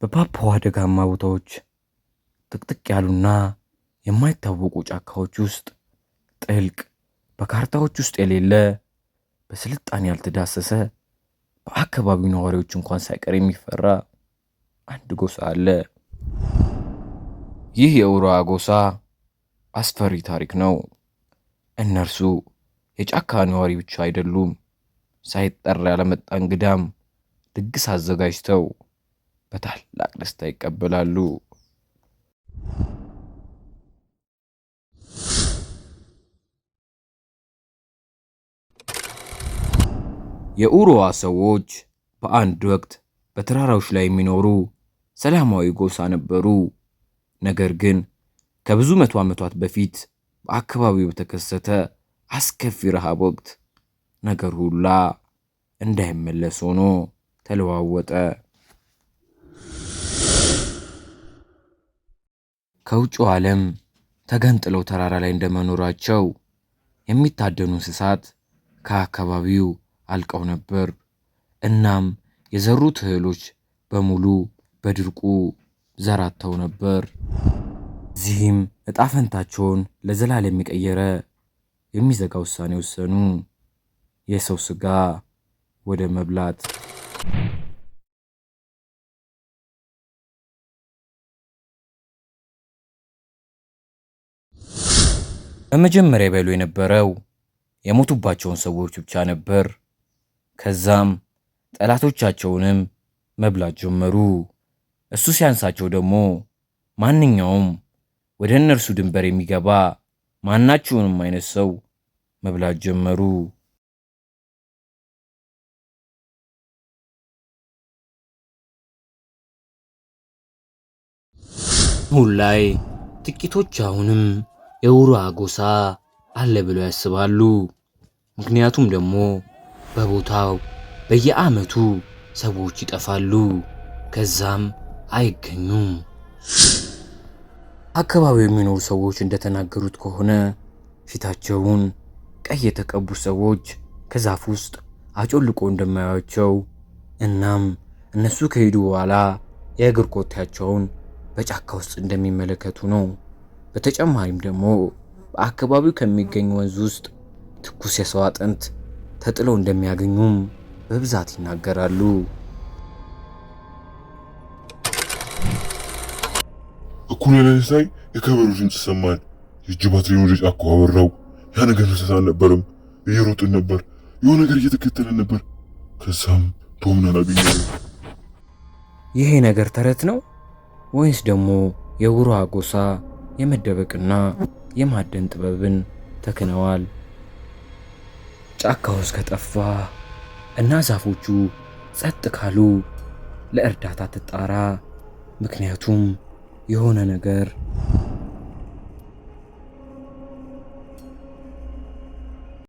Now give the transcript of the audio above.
በፓፑዋ ደጋማ ቦታዎች ጥቅጥቅ ያሉና የማይታወቁ ጫካዎች ውስጥ ጥልቅ በካርታዎች ውስጥ የሌለ በስልጣን ያልተዳሰሰ በአካባቢው ነዋሪዎች እንኳን ሳይቀር የሚፈራ አንድ ጎሳ አለ። ይህ የኡራዋ ጎሳ አስፈሪ ታሪክ ነው። እነርሱ የጫካ ነዋሪ ብቻ አይደሉም። ሳይጠራ ያለመጣ እንግዳም ድግስ አዘጋጅተው በታላቅ ደስታ ይቀበላሉ። የኡሩዋ ሰዎች በአንድ ወቅት በተራራዎች ላይ የሚኖሩ ሰላማዊ ጎሳ ነበሩ። ነገር ግን ከብዙ መቶ ዓመታት በፊት በአካባቢው በተከሰተ አስከፊ ረሃብ ወቅት ነገር ሁላ እንዳይመለስ ሆኖ ተለዋወጠ። ከውጭው ዓለም ተገንጥለው ተራራ ላይ እንደመኖራቸው የሚታደኑ እንስሳት ከአካባቢው አልቀው ነበር። እናም የዘሩት እህሎች በሙሉ በድርቁ ዘራተው ነበር። እዚህም እጣ ፈንታቸውን ለዘላለም የቀየረ የሚዘጋ ውሳኔ ወሰኑ። የሰው ስጋ ወደ መብላት በመጀመሪያ ይበሉ የነበረው የሞቱባቸውን ሰዎች ብቻ ነበር። ከዛም ጠላቶቻቸውንም መብላት ጀመሩ። እሱ ሲያንሳቸው ደግሞ ማንኛውም ወደ እነርሱ ድንበር የሚገባ ማናችሁንም አይነት ሰው መብላት ጀመሩ። አሁን ላይ ጥቂቶች አሁንም የውራ ጎሳ አለ ብለው ያስባሉ። ምክንያቱም ደግሞ በቦታው በየዓመቱ ሰዎች ይጠፋሉ፣ ከዛም አይገኙም። አካባቢው የሚኖሩ ሰዎች እንደተናገሩት ከሆነ ፊታቸውን ቀይ የተቀቡ ሰዎች ከዛፍ ውስጥ አጮልቆ እንደማያቸው እናም እነሱ ከሄዱ በኋላ የእግር ኮቴያቸውን በጫካ ውስጥ እንደሚመለከቱ ነው። በተጨማሪም ደግሞ በአካባቢው ከሚገኝ ወንዝ ውስጥ ትኩስ የሰው አጥንት ተጥለው እንደሚያገኙም በብዛት ይናገራሉ። እኩለ ሌሊት ላይ የከበሮ ድምፅ ሰማን። የእጅ ባትሪ ወደ ጫካ አበራው። ያ ነገር እንስሳ አልነበረም። እየሮጥን ነበር፣ የሆነ ነገር እየተከተለን ነበር። ከዛም ቶምን አላገኘንም። ይሄ ነገር ተረት ነው ወይስ ደግሞ የጉራ ጎሳ የመደበቅና የማደን ጥበብን ተክነዋል? ጫካ ውስጥ ከጠፋ እና ዛፎቹ ጸጥ ካሉ ለእርዳታ ትጣራ። ምክንያቱም የሆነ ነገር